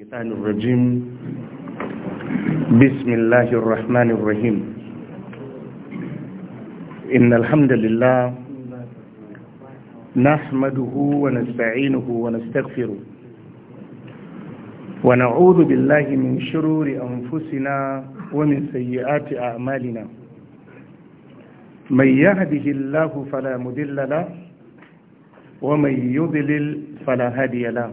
الشيطان الرجيم بسم الله الرحمن الرحيم إن الحمد لله نحمده ونستعينه ونستغفره ونعوذ بالله من شرور أنفسنا ومن سيئات أعمالنا من يهده الله فلا مدل له ومن يضلل فلا هادي له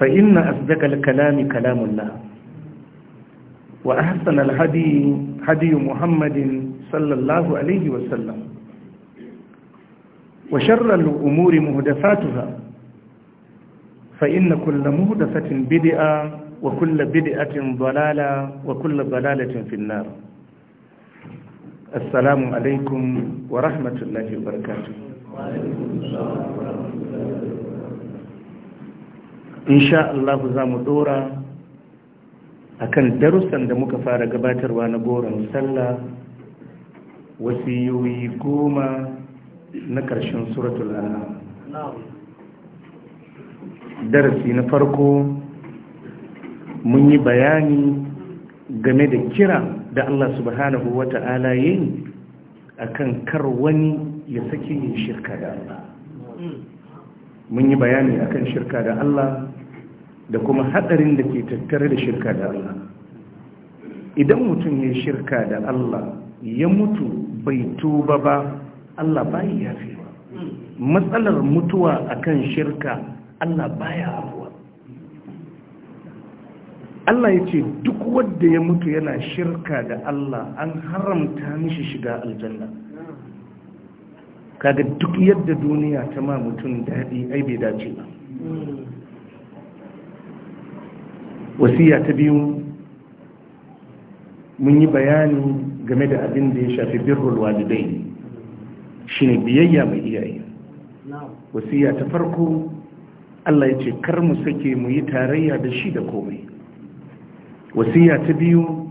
فإن أصدق الكلام كلام الله وأحسن الهدي هدي محمد صلى الله عليه وسلم وشر الأمور مهدفاتها فإن كل مهدفة بدئة وكل بدئة ضلالة وكل ضلالة في النار السلام عليكم ورحمة الله وبركاته وعليكم السلام ورحمة الله وبركاته insha Allah za mu dora kan darussan da muka fara gabatarwa na goron sallah wasiyoyi goma na ƙarshen suratul ala darasi na farko mun yi bayani game da kira da Allah subhanahu wa ta'ala yi a kan kar wani ya sake yin shirka da Allah mun yi bayani akan shirka da Allah da kuma hadarin da ke tattare da shirka da Allah idan mutum ya shirka da Allah ya mutu bai tuba ba Allah bai yafi matsalar mutuwa akan shirka Allah baya afuwa Allah ya ce duk wanda ya mutu yana shirka da Allah an haramta mishi shiga aljanna kaga duk yadda duniya ta ma mutum daɗi ai bai dace ba wasiya ta biyu mun yi bayani game da abin da ya shafi birrul walidai shine biyayya mai iyaye wasiya ta farko Allah ya ce kar mu sake mu yi tarayya da shi da komai wasiya ta biyu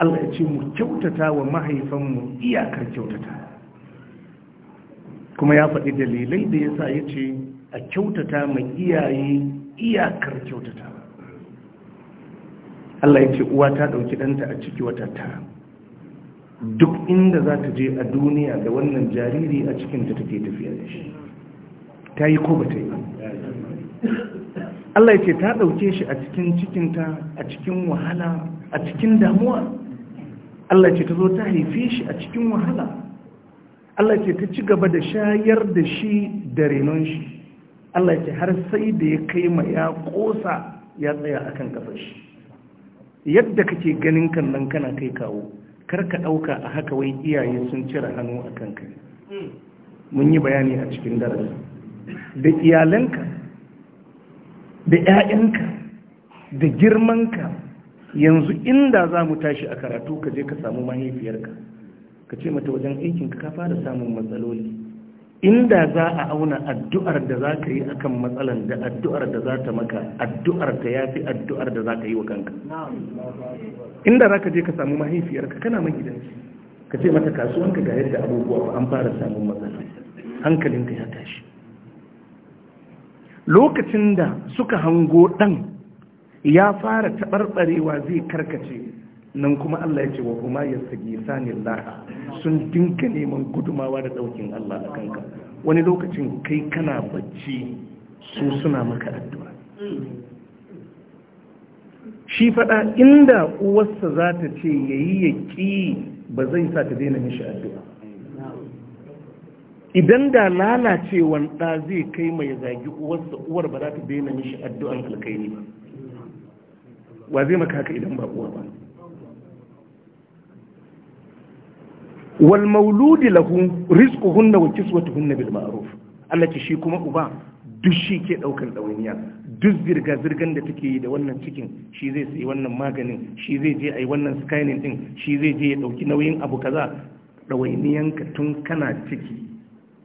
Allah ya ce mu kyautata wa mahaifanmu iyakar kyautata kuma ya faɗi dalilai da ya sa ya ce a kyautata mai iyaye iyakar kyautata Allah ya ce uwa ta ɗauki ɗanta a ciki wata tara duk inda za ta je a duniya da wannan jariri a cikinta take tafiya da shi ta yi ko ba ta yi Allah ya ce ta ɗauke shi a cikin cikinta a cikin wahala a cikin damuwa Allah ya ce ta zo ta haife shi a cikin wahala Allah ya ce ta ci gaba da shayar da shi da renon shi Allah ya ce har sai da ya kai ma ya ƙosa ya tsaya akan kafar shi yadda kake ganin kan nan kana kai kawo kar ka ɗauka a haka wai iyaye sun cire hannu a kanka mun yi bayani a cikin darasi da iyalanka da 'ya'yanka da girmanka yanzu inda za mu tashi a karatu ka je ka samu mahaifiyarka ka ce mata wajen aikinka ka fara samun matsaloli inda za a auna addu'ar da za ka yi kan matsalan da addu'ar da za ta maka addu'ar ta ya fi addu'ar da za ka yi wa kanka inda za ka je ka samu mahaifiyarka kana magidanci ka ce mata kasuwanka ga yadda abubuwa an fara samun matsala hankalinka ya tashi lokacin da suka hango ɗan ya fara taɓarɓarewa zai karkace nan kuma Allah ya ce wa kuma ya sagi sanin laha sun dinka neman gudumawa da daukin Allah a kanka wani lokacin kai kana bacci su suna maka addu'a shi faɗa inda uwarsa za ta ce ya yi ya ƙi ba zai sa ta daina mishi addu'a idan da lalacewan ɗa zai kai mai zagi uwarsa uwar ba za ta daina mishi addu'an alkaini ba wa zai maka haka idan ba uwa ba wal mauludi lahu rizquhunna wa kiswatuhunna bil ma'ruf Allah ce shi kuma uba duk shi ke daukar dawainiya duk zirga zirgan da take yi da wannan cikin shi zai sayi wannan maganin shi zai je ayi wannan scanning din shi zai je ya dauki nauyin abu kaza dawainiyan ka tun kana ciki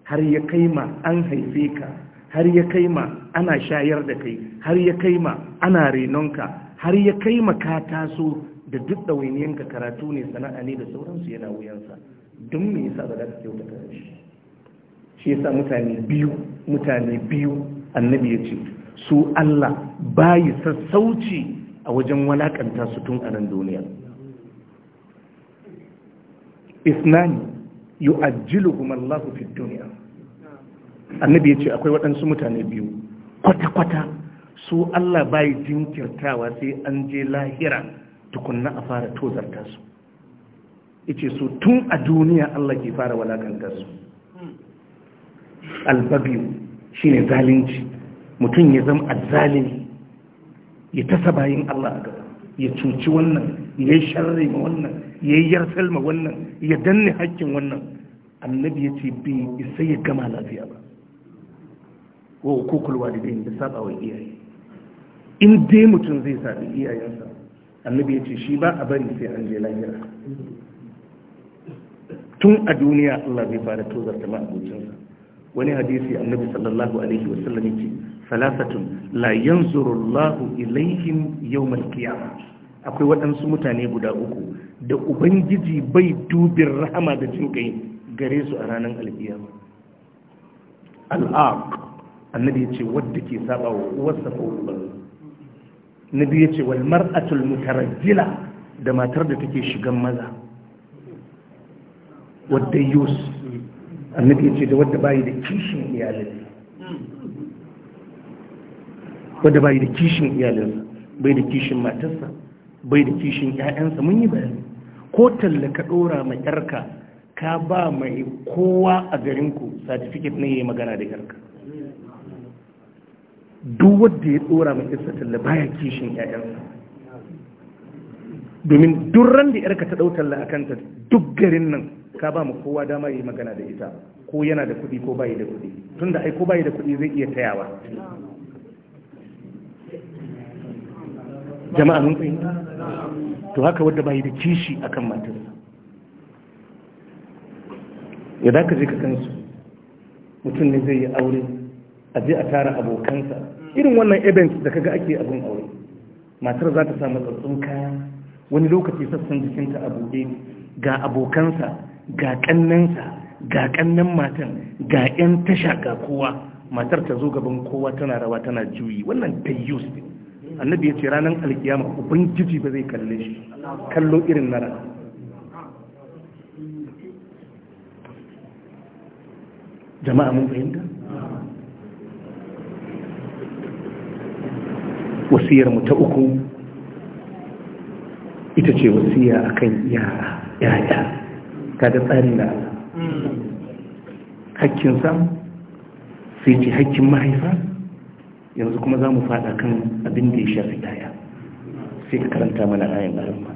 har ya kai ma an haife ka har ya kai ma ana shayar da kai har ya kai ma ana ka. har ya kai ma ka taso da duk ɗawainiyanka karatu ne sana'a ne da sauransu yana wuyansa duk me yasa ba za ka kyautata shi shi yasa mutane biyu mutane biyu annabi ya ce su Allah ba yi sassauci a wajen walakanta su tun a nan duniya isnani kuma Allah fi duniya. annabi ya ce akwai waɗansu mutane biyu kwata-kwata su Allah ba yi jinkirtawa sai an je lahira tukunna a fara tozarta su yace su tun a duniya Allah ke fara walakantar su albabiyu shine zalunci mutum ya zama azzalimi ya tasa bayin Allah a gaba ya cuci wannan ya yi sharri ma wannan ya yi yarsal ma wannan ya danne hakkin wannan annabi ya ce isa ya gama lafiya ba wa hukukul walidain da saba wa iyaye in dai mutum zai sabi iyayensa annabi ya ce shi ba a bari sai an je lafiya tun a duniya Allah zai fara ta ma'abocinsa wani hadisi annabi sallallahu alaihi wasallam ce salasatun la yanzuru Allahu ilaihim yawmal qiyamah akwai waɗansu mutane guda uku da ubangiji bai dubin rahama da jin kai gare su a ranar alkiyama al'aq annabi yace wadda ke saba wa uwarsa ko nabi yace wal mar'atul mutarajjila da matar da take shigan maza wadda yus annabi ya ce da wadda bayi da kishin iyalinsa wadda bayi da kishin iyalinsa bai da kishin matarsa bai da kishin 'ya'yansa mun yi bayani ko talla ka ɗora ma 'yarka ka ba mai kowa a garinku satifiket na yayi magana da 'yarka duk wadda ya ɗora ma 'yarsa talla baya kishin 'ya'yansa domin duk ran da 'yarka ta ɗau talla a kanta duk garin nan ka ba mu kowa dama yi magana da ita ko yana da kuɗi ko bayi da kuɗi da ai ko bayi da kuɗi zai iya tayawa jama'a mun fahimta to haka wadda bayi da kishi akan matarsa ya da ka je ka kansu mutum ne zai yi aure a je a tara abokansa irin wannan event da kaga ake abin aure matar za ta samu tsatsun kaya wani lokaci sassan jikinta a buɗe ga abokansa ga ƙannansa ga ƙannan matan ga 'yan tasha ga kowa matar ta zo gaban kowa tana rawa tana juyi wannan tayyus ne annabi ya ce ranar alkiyama ubangiji ba zai kalle shi kallo irin na rana jama'a mun fahimta wasiyar mu ta uku ita ce wasiya akan yara yaya kada tsari na hakkin sa sai ce hakkin mahaifa yanzu kuma za mu fada kan abin da ya shafi daya sai ka karanta mana ayin da rahma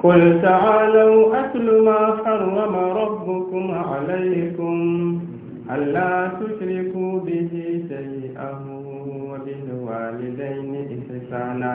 قل تعالوا أتل ما حرم ربكم عليكم ألا تشركوا به شيئا وبالوالدين إحسانا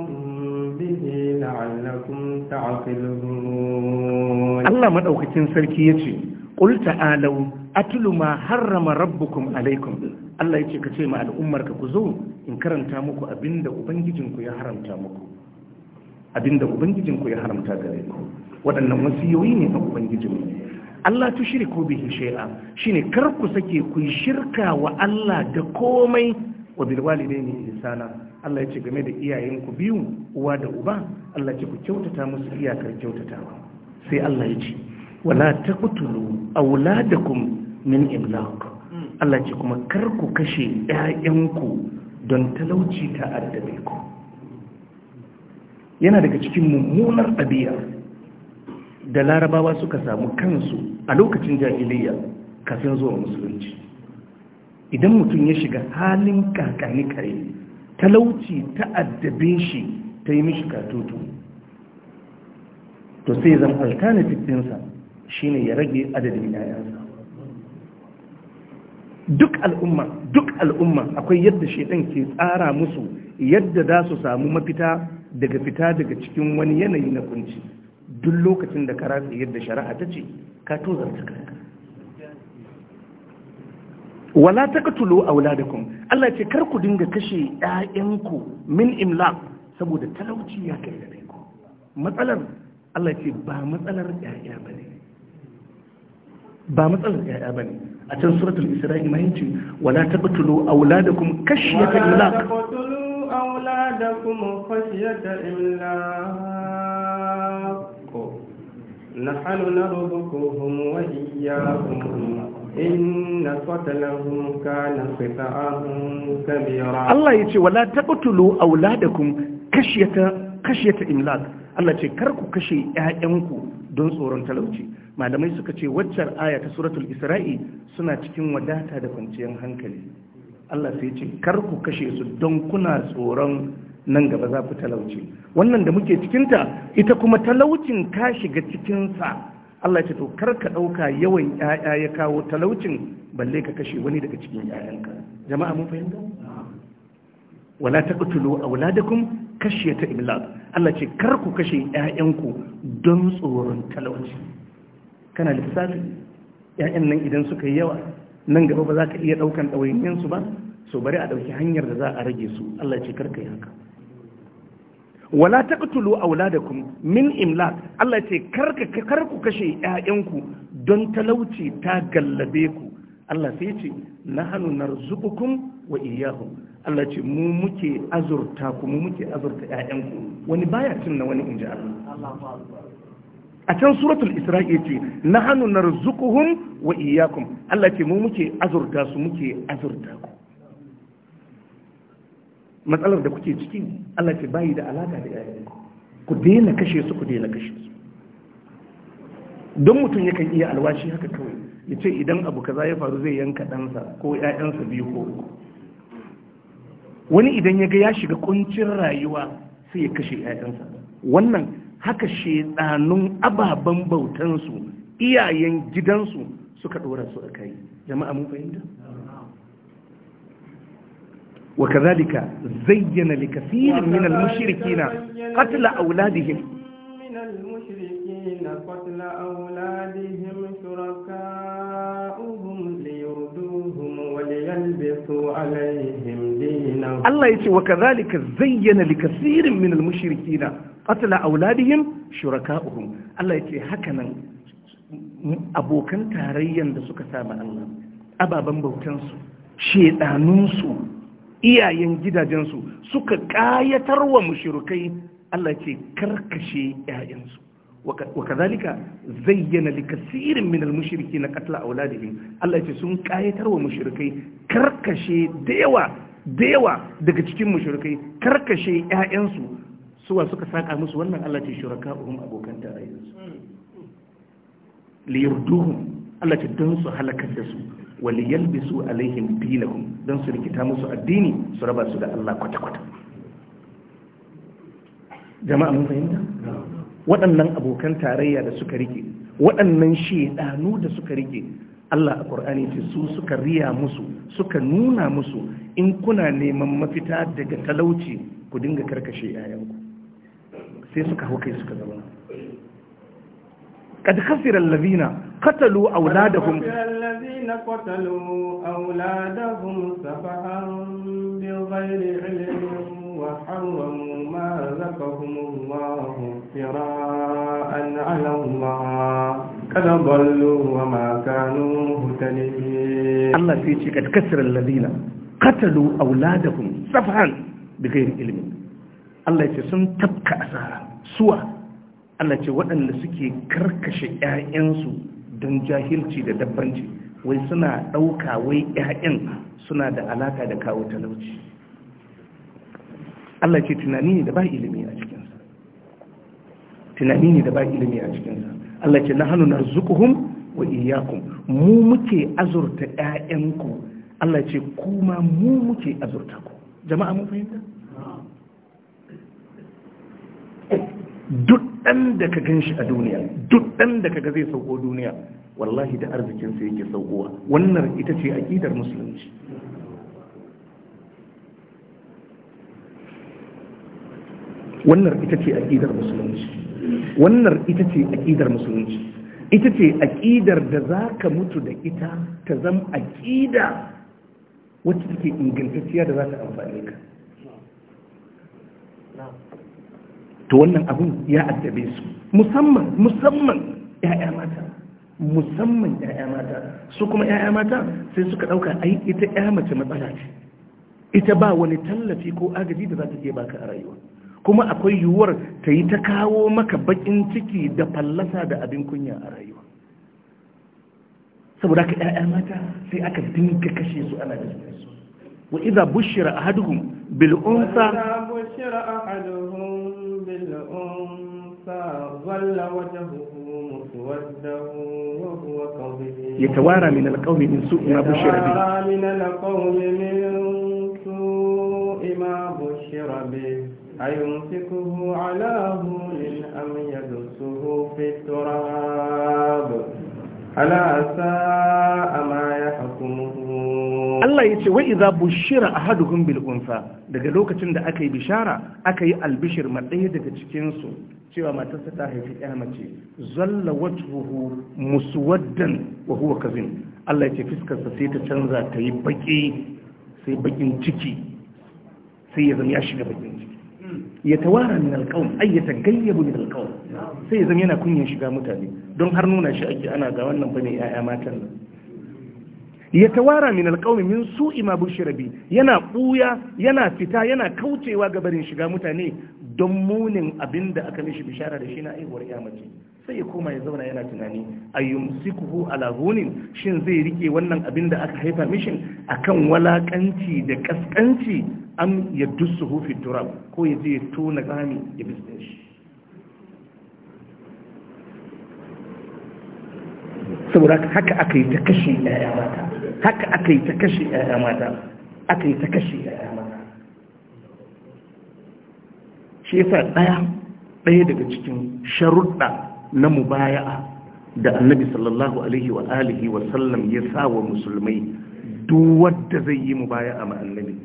la'allakum ta'qilun Allah madaukakin sarki yace qul ta'alu atlu ma harrama rabbukum alaykum Allah yace ka ce ma al'ummarka ku zo in karanta muku abinda ubangijinku ya haramta muku abinda ya haramta gare ku wadannan wasiyoyi ne na ubangijinku Allah tushriku bihi shay'a shine kar ku sake ku shirka wa Allah da komai wa bilwalidaini ihsana Allah ya ce game da iyayenku biyu uwa da uba Allah ce ku kyautata musu iyakar kyautatawa sai Allah ya ce wala taqtulu auladakum min imlaq Allah ce kuma kar ku kashe ƴaƴanku don talauci ta addabe ku yana daga cikin mummunar ɗabi'a da larabawa suka samu kansu a lokacin jahiliya kafin zuwa musulunci idan mutum ya shiga halin kakani kare talauci ta addabin shi ta yi mishi katutu to sai zan fitinsa shi ne ya rage adadin yayansa duk al'umma duk al'umma akwai yadda shaidan ke tsara musu yadda za su samu mafita daga fita daga cikin wani yanayi na kunci duk lokacin da ka yadda shari'a ta ce ka tozarta kanka wala a wula da kun Allah ce kar ku dinga kashe ƴaƴanku min imlaq saboda talauci ya kai gare ku matsalar Allah ce ba matsalar ƴaƴa bane ba matsalar ƴaƴa bane a can suratul isra'i ma yace wala taqtulu kashe khashyata imlaq wala taqtulu auladakum khashyata imlaq ko homo wajen iyyakum inna qatalahum kana qita'an kabira Allah yace wala taqtulu awladakum kashyata kashyata imlak Allah ce kar ku kashe ƴaƴanku don tsoron talauci malamai suka ce waccar aya ta suratul isra'i suna cikin wadata da kwanciyar hankali Allah sai ce kar ku kashe su don kuna tsoron nan gaba za ku talauci wannan da muke cikinta ita kuma talaucin ka shiga cikinsa Allah ce to kar ka ɗauka yawan ‘ya'ya ya kawo talaucin balle ka kashe wani daga cikin ‘ya'yanka jama'a mun fahimta wala ta ƙutulo a kun kashe ta imlad Allah ce kar ku kashe ‘ya'yanku don tsoron talauci kana lissafi ‘ya'yan nan idan suka yi yawa nan gaba ba za ka iya ɗaukan ɗawainiyansu ba so bari a ɗauki hanyar da za a rage su Allah ce kar ka yi haka wala taqtulu auladakum min imlak Allah ya ce karka karku kashe ƴaƴanku don talauci ta gallabe ku Allah sai ya ce nahnu narzuqukum wa iyyahum Allah ce mu muke azurta ku mu muke azurta ƴaƴanku wani baya cin na wani inji Allah a can suratul isra'i ce nahnu narzuquhum wa iyyakum Allah ce mu muke azurta su muke azurta ku matsalar da kuke ciki Allah ce bayi da alaka da yayin ku daina kashe su ku daina kashe su don mutum yakan iya alwashi haka kawai ya ce idan abu kaza ya faru zai yanka ɗansa ko ‘ya'yansa biyu ko uku wani idan ya ga ya shiga kuncin rayuwa sai ya kashe ‘ya'yansa wannan haka shedanun ababen bautansu iyayen gidansu suka ɗora su a kai jama'a mun fahimta وكذلك زين لكثير من المشركين قتل أولادهم من المشركين قتل أولادهم شركاؤهم ليردوهم وليلبسوا عليهم دينهم الله يقول وكذلك زين لكثير من المشركين قتل أولادهم شركاؤهم الله يقول هكذا abokan tarayyan da suka saba Allah ababen bautansu shedanunsu iyayen gidajensu suka ƙayatar wa mushrikai Allah ce karkashe ‘ya'yansu wa kazalika zayyana likasirin min mushiriki na katla a auladihim Allah ce sun ƙayatar wa mushrikai karkashe da yawa daga cikin mushrikai karkashe ‘ya'yansu suwa suka saka musu wannan Allah ce shuraka uhum abokan tarayyarsu hmm. liyarduhum Allah ce don su halakar da su wali yalbisu alaihim dinahum don su rikita musu addini su raba su da Allah kwata-kwata jama'a mun fahimta waɗannan abokan tarayya da suka rike waɗannan ɗanu da suka rike Allah a Qur'ani ce su suka riya musu suka nuna musu in kuna neman mafita daga talauci ku dinga karkashe yayanku sai suka hau kai suka zama qad khasira allazina qatalu awladahum الذين قتلوا أولادهم سفها بغير علم وحرموا ما رزقهم الله افتراء على الله قد ضلوا وما كانوا مهتدين الله في شيء قد كسر الذين قتلوا أولادهم سفها بغير علم الله يتي سن تبكى أسارة سوى Allah ce waɗanda suke karkashe ‘ya'yansu don jahilci da dabbanci wai suna ɗauka wai ƴaƴan suna da alaka da kawo talauci Allah ce tunani ne da ba ilimi a cikinsa tunani ne da ba ilimi a cikinsa Allah ce na hannu na zukuhun wa iyakun mu muke azurta ƴaƴanku Allah ce kuma mu muke azurta ku jama'a mun fahimta duk ɗan da ka gan shi a duniya duk ɗan da ka ga zai sauko duniya wallahi da arzikinsa yake saukowa wannan ita ce aƙidar musulunci wannan ita ce aƙidar musulunci wannan ita ce aƙidar musulunci ita ce aƙidar da za ka mutu da ita ta zan aƙida wacce take ingantacciya da za ta amfani ka to wannan abin ya addabe su musamman musamman ya'ya mata musamman 'ya'ya mata su kuma 'ya'ya mata sai suka ɗauka ai ita 'ya mace matsala ce ita ba wani tallafi ko agaji da za ta iya baka a rayuwa kuma akwai yiwuwar ta yi ta kawo maka baƙin ciki da fallasa da abin kunya a rayuwa saboda ka 'ya'ya mata sai aka dinka kashe su ana da wa idza bushira ahaduhum bil unsa bushira ahaduhum bil unsa يتوارى من القوم من سوء ما بشر به من القوم من سوء ما بشر به أيمسكه على هون أم يدسه في التراب ألا ساء ما Allah ya ce wa idza bushira ahaduhum bil unsa daga lokacin da aka yi bishara aka yi albishir ma ɗaya daga cikin su cewa matarsa ta haifi ɗaya mace zalla wajhuhu muswaddan wa huwa kazin Allah ya ce sa sai ta canza ta yi baki sai bakin ciki sai ya zama ya shiga bakin ciki ya tawara min alƙawun ai ya min alƙawun sai ya zama yana kunyan shiga mutane don har nuna shi ake ana ga wannan bane 'ya'ya matan nan ya tawara min alƙawmi min su'i ma bushira yana ɓuya yana fita yana kaucewa ga barin shiga mutane don munin abinda aka mishi bishara da shi na aihuwar ya mace sai ya koma ya zauna yana tunani a yumsikuhu ala hunin shin zai rike wannan abin da aka haifa mishin akan walakanci da kaskanci am ya dussuhu fi turab ko ya je ya tona rami ya bisne shi saboda haka aka yi ta kashe ɗaya mata haka aka yi ta kashe ‘ya'ya mata aka yi ta kashe ‘ya'ya mata shi yasa ɗaya ɗaya daga cikin sharuɗa na mubaya'a da annabi sallallahu alaihi wa alihi wa sallam ya sa wa musulmai duk wadda zai yi mubaya'a ma annabi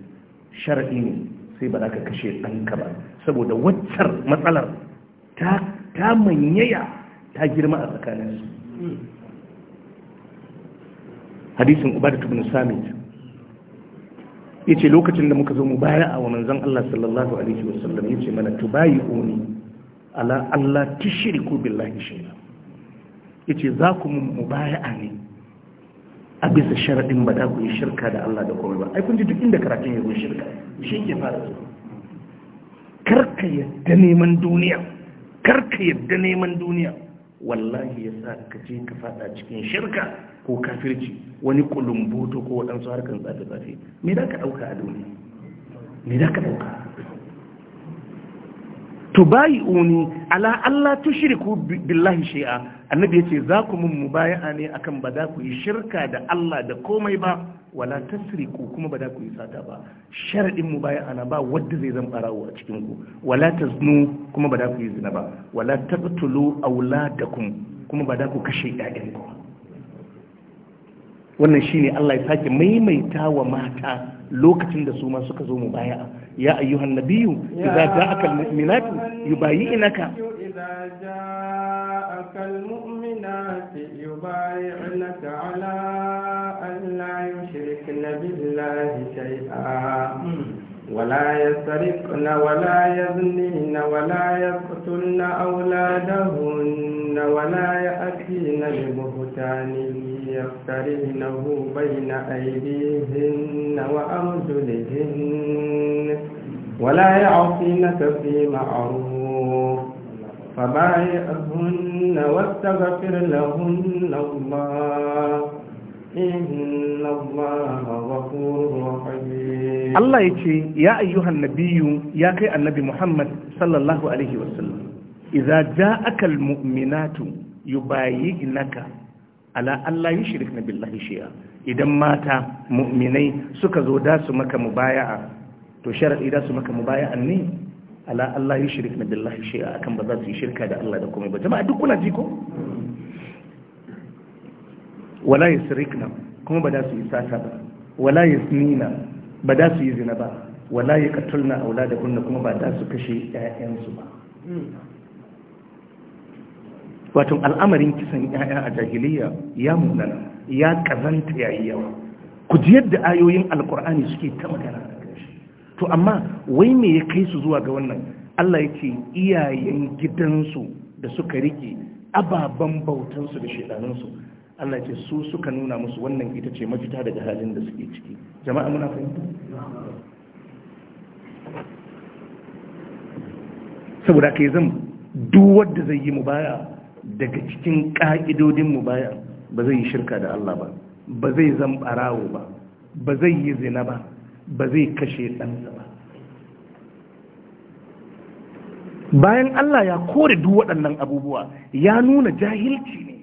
shar'i ne sai ba za ka kashe ɗanka ba saboda waccar matsalar ta manyaya ta girma a tsakaninsu hadisin ubadat ibn samit yace lokacin da muka zo mu baya a manzon Allah sallallahu alaihi wasallam yace mana tubayuni ala Allah tushriku billahi shay'a yace za ku mu mubaya'a ne a bisa sharadin ba da ku yi shirka da Allah da komai ba ai kun ji duk inda karatun ya shirka shi ke fara karka yadda neman duniya karka yadda neman duniya wallahi yasa ka je ka fada cikin shirka ko kafirci wani kulumboto ko waɗansu harkar tsafe-tsafe me da ka ɗauka a duniya me da ka ɗauka to bayi uni ala Allah tu billahi shi'a annabi yace za ku mun mubaya'a ne akan ba za ku yi shirka da Allah da komai ba wala tasriku kuma ba za ku yi sata ba sharadin mubaya'a na ba wanda zai zan barawo a cikin ku wala taznu kuma ba za ku yi zina ba wala taqtulu auladakum kuma ba za ku kashe ƴaƴanku wannan shine Allah ya sake maimaita wa mata lokacin da su ma suka zo mu baya ya ayyuhan nabiyyu idza ja'aka al-mu'minatu yubayyi'naka idza ja'aka al-mu'minatu yubayyi'naka ala an la yushrikna billahi shay'a ولا يسرقن ولا يزنين ولا يقتلن أولادهن يأتين ولا يأتين ببهتان يفترينه بين أيديهن وأرجلهن ولا يعصينك في معروف فبايعهن واستغفر لهن الله إن الله غفور رحيم الله يتي يا أيها النبي يا كي النبي محمد صلى الله عليه وسلم idza ja'aka almu'minatu yubayyinaka ala Allah yushrikna billahi shay'a idan mata mu'minai suka zo da su maka mubaya'a to sharadi da su maka mubaya'an ne ala Allah yushrikna billahi shay'a akan ba za su yi shirka da Allah da komai ba jama'a duk kuna ji ko wala yusrikna kuma ba da su yi sata ba wala yusnina ba da su yi zina ba wala yaqtulna auladahunna kuma ba da su kashe ƴaƴansu ba wato al'amarin kisan ya'ya a jahiliya ya munana ya kazanta yayi yawa ku ji yadda ayoyin alkur'ani suke ta magana to amma wai me ya kai su zuwa ga wannan Allah ya ce iyayen gidansu da suka rike ababen bautansu da shedanunsu Allah ce su suka nuna musu wannan ita ce mafita daga halin da suke ciki jama'a muna fahimta saboda kai zan duk wanda zai yi mu baya daga cikin ƙa'idodin mu baya ba zai yi shirka da Allah ba ba zai zan ɓarawo ba ba zai yi zina ba ba zai kashe ɗansa ba bayan Allah ya kore duk waɗannan abubuwa ya nuna jahilci ne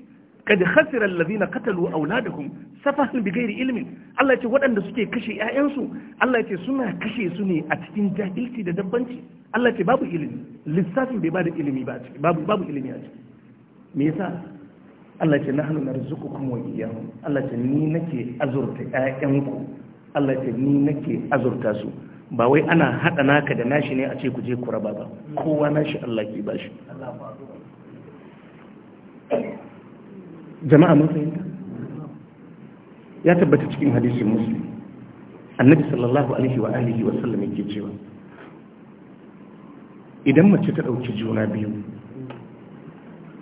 kad khasira allazina qatalu auladakum safahan bighairi ilmin Allah yace waɗanda suke kashe 'ya'yansu, Allah yace suna kashe su ne a cikin jahilci da dabbanci Allah yace babu ilimi lissafin bai bada ilimi ba babu babu ilimi a ciki me yasa Allah ce nahnu narzuqukum wa iyyahum Allah ce ni nake azurta ƴaƴanku Allah ce ni nake azurta su ba wai ana hada naka da nashi ne a ce ku je ku raba ba kowa nashi Allah ke bashi jama'a mun fahimta ya tabbata cikin hadisin muslim annabi sallallahu alaihi wa alihi wa sallam yake cewa idan mace ta dauki juna biyu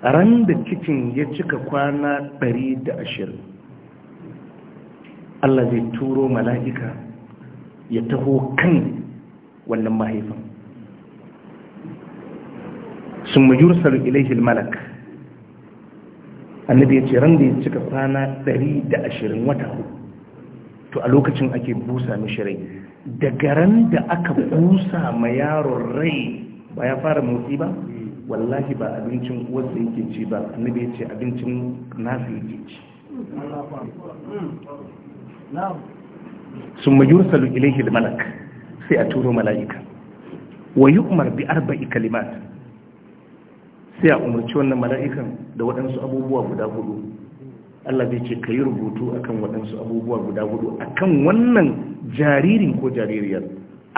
ran da cikin ya cika kwana 120 Allah zai turo mala'ika ya taho kan wannan mahaifin sun majur salu ilaihil malak annabi ya ce ran da ya cika kwana 120 wata to a lokacin ake busa mishi rai daga ran da aka busa ma yaron rai ba ya fara motsi ba wallahi ba abincin uwarsa yake ci ba annabi ya ce abincin nasu yake ci sun mayur salu ilaihi malak sai a turo mala'ika wa yi umar bi arba'i kalimat sai a umarci wannan mala'ikan da waɗansu abubuwa guda hudu Allah zai ce ka yi rubutu akan waɗansu abubuwa guda hudu akan wannan jaririn ko jaririyar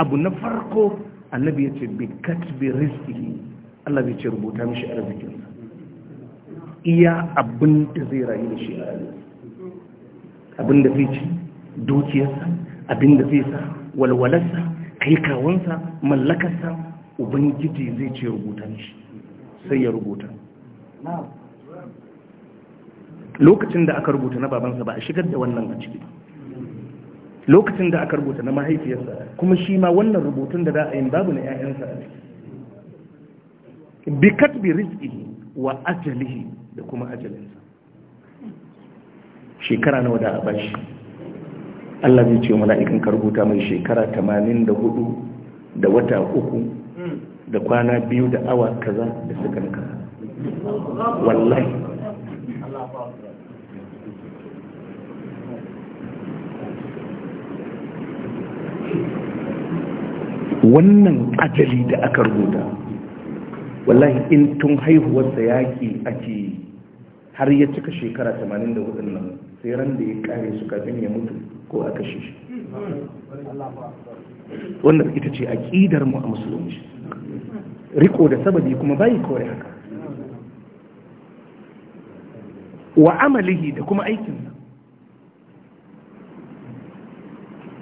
abu na farko annabi ya ce bi katbi rizkihi Allah zai ce rubuta mishi arzikinsa iya abin da zai rayu da shi a rayuwa abin da zai ci dukiyarsa abin da zai sa walwalarsa kai kawunsa mallakarsa ubangiji zai ce rubuta mishi sai ya rubuta lokacin da aka rubuta na babansa ba a shigar da wannan a ciki lokacin da aka rubuta na mahaifiyarsa kuma shi ma wannan rubutun da za a yin babu na 'ya'yansa a ciki bi katbi rizqihi wa ajalihi da kuma ajalinsa shekara nawa da a bashi Allah zai ce wa mala'ikan karbuta mai shekara 84 da wata uku da kwana biyu da awa kaza da suka kaza wallahi wannan ajali da aka rubuta wallahi in tun haihuwarsa yaki ake har ya cika shekara 84 nan sai ran da ya kare su kafin ya mutu ko a kashe shi wannan ita ce ƙidar mu a musulunci riko da sababi kuma bayi kore haka wa amalihi da kuma aikinsa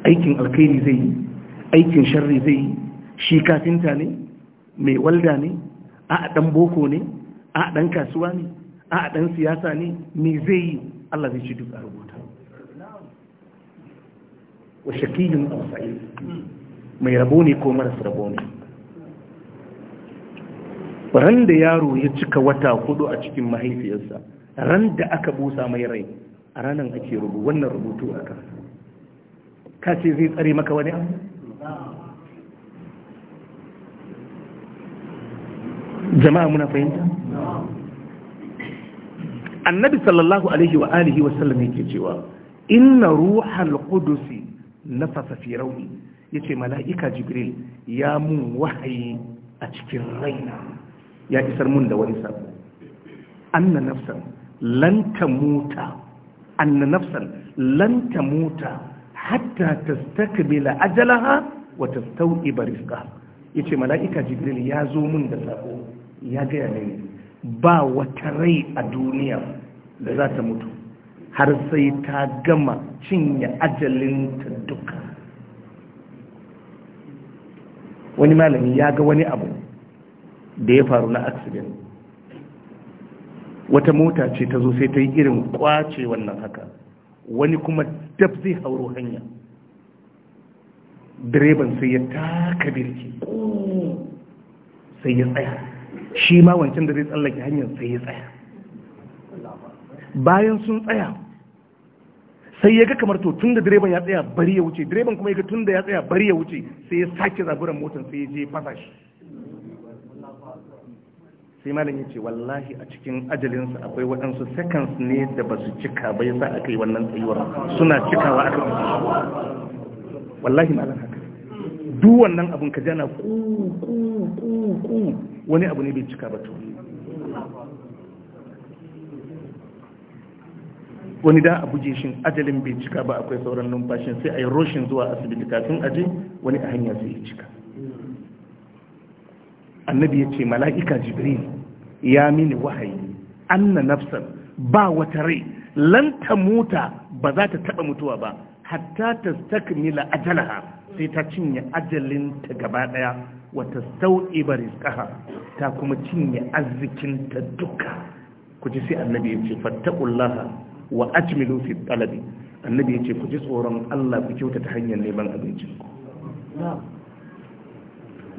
aikin alkhairi zai yi aikin sharri zai yi shi kafinta ne mai walda ne a ɗan boko ne a ɗan kasuwa ne a ɗan siyasa ne me zai yi Allah zai ci duk a rubuta wa shakiyun sa'id mai rabo ne ko maras rabo ne ran da yaro ya cika wata hudu a cikin mahaifiyarsa ran da aka busa mai rai a ranar ake rubu wannan rubutu aka ka ce zai tsare maka wani abu jama'a muna fahimta annabi sallallahu alaihi wa alihi wasallam yake cewa inna ruhal qudusi nafasa fi rauni yace mala'ika jibril ya mun wahayi a cikin raina ya isar mun da wani sabo anna nafsan lan tamuta anna nafsan lan tamuta hatta tastakmila ajalaha wa tastau'iba rizqaha yace mala'ika jibril ya zo mun da sabo ya gaya ne ba wata rai a duniya da za ta mutu har sai ta gama cinye ajalinta duka wani malami ya ga wani abu da ya faru na accident wata mota ce ta zo sai ta yi irin kwace wannan haka wani kuma dab zai hauro hanya direban sai ya taka birki sai ya tsaya shi ma wancan da zai tsallake hanyar sai ya tsaya bayan sun tsaya sai ya ga kamar to tun da direban ya tsaya bari ya wuce direban kuma ya ga tun da ya tsaya bari ya wuce sai ya sake zaburan motar sai ya je fasa shi sai malam ya ce wallahi a cikin ajalinsa akwai waɗansu seconds ne da ba su cika bai sa aka yi wannan tsayuwar suna cikawa aka wallahi malam duk wannan abin ka jana ku wani abu ne bai cika ba to wani da abu shi ajalin bai cika ba akwai sauran numfashin sai a yi roshin zuwa asibiti kafin aje wani a hanya sai ya cika annabi ya ce mala'ika jibril ya mini wahayi anna nafsan ba wata rai lanta mota ba za ta taba mutuwa ba hatta ta stakmila ajalaha sai ta cinye ajalin ta gaba daya wata sau'i barizqaha ta kuma cinye arzikin ta duka ku ji sai annabi ya ce fattaqullaha wa ajmilu fi talabi annabi ya ce ku ji tsoron Allah ku ta hanyar neman abincin ku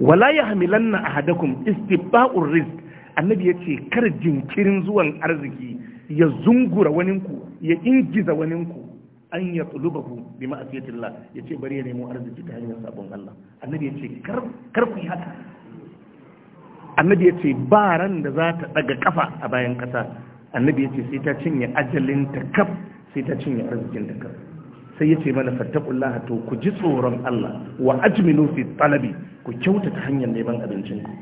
wala yahmilanna ahadakum istibba'ur rizq annabi ya ce kar jinkirin zuwan arziki ya zungura waninku ya ingiza waninku an ya tulubahu bi ma'asiyatillah yace bari ya nemo arziki ta hanyar sabon Allah annabi yace kar kar ku haka annabi yace ba ran da za ta daga kafa a bayan kasa annabi yace sai ta cinye ajalin ta kaf sai ta cinye arzikin ta kaf sai yace mana fattaqullaha to ku ji tsoron Allah wa ajmilu fi talabi ku kyautata hanyar neman abincin ku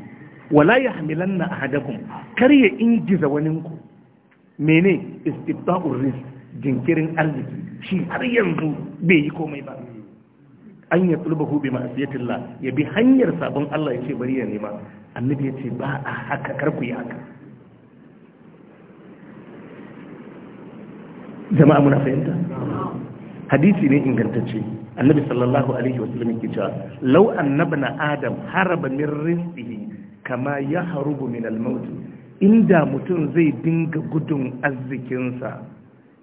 wala yahmilanna ahadakum kar ya ingiza waninku mene istibda'ur rizq jinkirin arziki shi har yanzu bai yi komai ba an ya tsulbahu bi ma'asiyatillah ya bi hanyar sabon Allah ya ce bari ya nema annabi ya ce ba a haka karku yi haka jama'a muna fahimta hadisi ne ingantacce annabi sallallahu alaihi wasallam yake cewa law annabna adam haraba min rizqihi kama yahrubu min al-maut inda mutum zai dinga gudun arzikinsa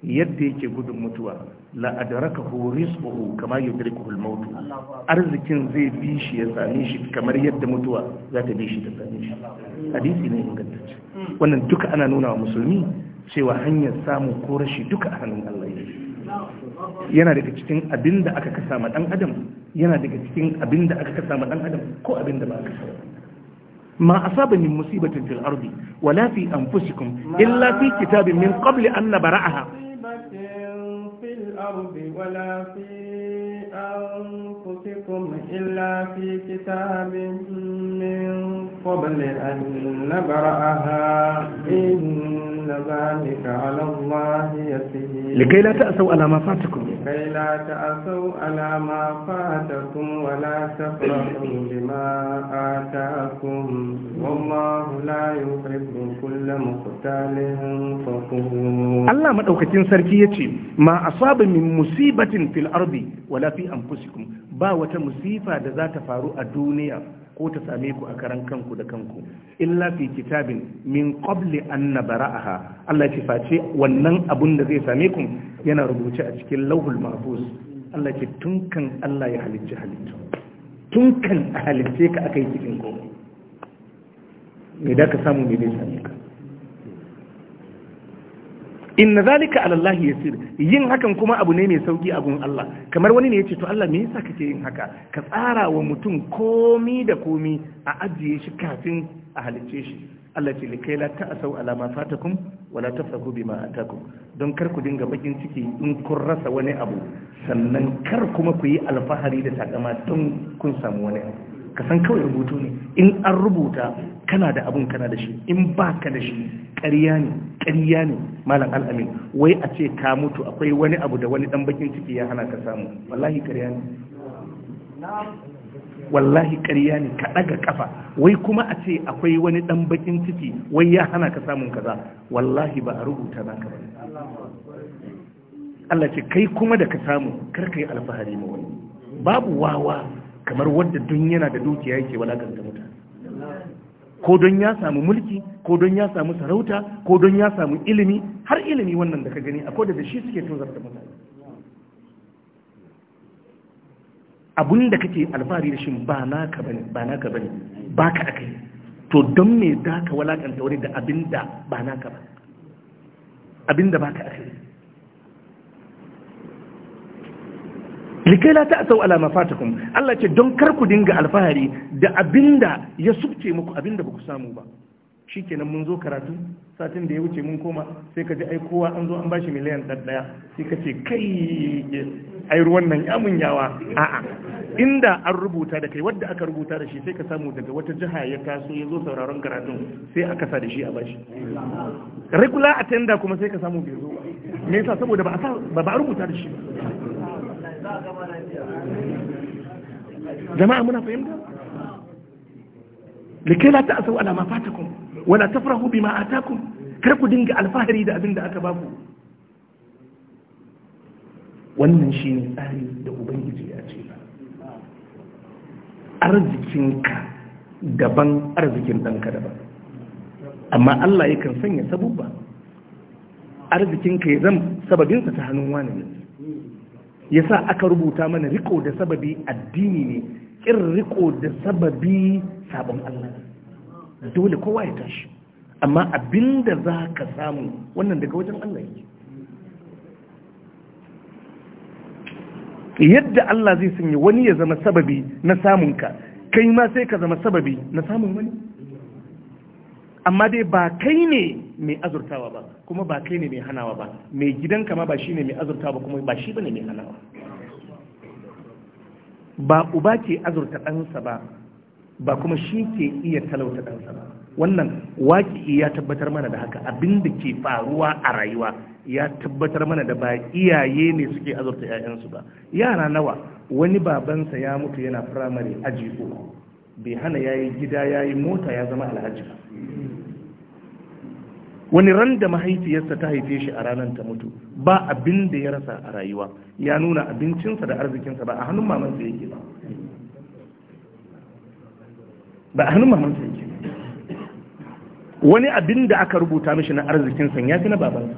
yadda yake gudun mutuwa la adraka hu rizquhu kama yudrikuhu al-maut arzikin zai bi shi ya same shi kamar yadda mutuwa za ta bi shi ta same shi hadisi ne ingantacce hmm. wannan duka ana nuna wa musulmi cewa hanyar samun ko rashi duka a hannun Allah yake yana daga cikin abinda aka kasa ma dan adam yana daga cikin abinda aka kasa ma dan adam ko abinda ba aka kasa ما أصاب من مصيبة في الأرض ولا في أنفسكم إلا في كتاب من قبل أن نبرأها الأرض ولا في أنفسكم إلا في كتاب من قبل أن نبرأها إن ذلك على الله يسير لكي لا تأسوا على ما فاتكم لكي لا تأسوا على ما فاتكم ولا تفرحوا بما آتاكم والله لا يحب كل مختال فخور الله ما دوكتين سركي يتي ما أصاب من مصيبة في الأرض ولا في أنفسكم با وتمصيبة ذات فارو الدنيا ko ta same ku a karan kanku da kanku illa fi kitabin min qabli an nabara'aha Allah ya face wannan abun da zai same ku yana rubuce a cikin lauhul mahfuz Allah ya tun kan Allah ya halicci halittu tun kan a halitte ka akai cikin ko me da ka samu me zai same ka inna zalika ala Allah yasir yin hakan kuma abu ne mai sauki abun Allah kamar wani ne yace to Allah me yasa kake yin haka ka tsara wa mutum komi da komi a ajiye shi kafin a halicce shi Allah ce likai la ta'asau ala ma fatakum wa la tafrahu bima atakum don kar ku dinga bakin ciki in kun rasa wani abu sannan kar kuma ku yi alfahari da takama don kun samu wani abu ka san kawai rubutu ne in an rubuta kana da abun kana da shi in baka da shi ƙarya ne ƙarya ne malam al'amin wai a ce ka mutu akwai wani abu da wani dan bakin ciki ya hana ka samu wallahi ƙarya ne wallahi ƙarya ne ka ɗaga ƙafa wai kuma a ce akwai wani ɗan bakin ciki wai ya hana ka samun kaza wallahi ba a rubuta na ka Allah ce kai kuma da ka samu ka yi alfahari ma wani babu wawa kamar wanda don yana da dukiya yake walakanta mutane ko don ya samu mulki ko don ya samu sarauta ko don ya samu ilimi har ilimi wannan da ka gani akwai da shi suke zarta mutane abun da kake alfahari da shi ba naka bane ba bane ba ka akai to don me za ka walakanta wani da abin da ba naka ba abin da ba ka kai. likai la ta'asau ala ma fatakum Allah ce don kar ku dinga alfahari da abinda ya subce muku abinda ba ku samu ba shikenan mun zo karatu satin da ya wuce mun koma sai ka ji ai kowa an zo an bashi miliyan ɗaya sai ka ce kai ai ruwan nan ya mun yawa a'a inda an rubuta da kai wadda aka rubuta da shi sai ka samu daga wata jiha ya taso ya zo sauraron karatun sai aka sa da shi a bashi regular attender kuma sai ka samu bai zo me yasa saboda ba a rubuta da shi ba jama'a muna fahimta likai la ta'asau ala ma fatakum wala tafrahu bima atakum kar ku dinga alfahari da abin da aka baku wannan shine tsari da ubangiji ya ce arzikinka daban arzikin ɗanka daban amma Allah yakan sanya sabubba arzikinka ya zama sababinsa ta hannun wani ne Ya sa aka rubuta mana riko da sababi addini ne kin riko da sababi sabon Allah dole kowa ya tashi amma abinda za ka samu wannan daga wajen Allah yake yadda Allah zai sanya wani ya zama sababi na samun ka kai ma sai ka zama sababi na samun wani amma dai ba kai ne mai azurtawa ba kuma ba kai ne mai hanawa ba mai gidanka ma ba shi ne mai azurta ba kuma ba shi ba ne mai hanawa ba uba ke azurta ɗansa ba ba kuma shi ke iya talauta ɗansa ba wannan waƙi ya tabbatar mana da haka abin da ke faruwa a rayuwa ya tabbatar mana da ba iyaye ne suke azurta 'ya'yansu ba yara nawa wani babansa ya mutu yana firamare aji uku bai hana ya yi gida ya yi mota ya zama alhaji ba wani ran da mahaifiyarsa ta haife shi a ranar ta mutu ba abin da ya rasa a rayuwa ya nuna abincinsa da arzikinsa ba a hannun mamansa yake ba ba a hannun mamansa yake wani abin da aka rubuta mishi na arzikinsa ya fi na babansa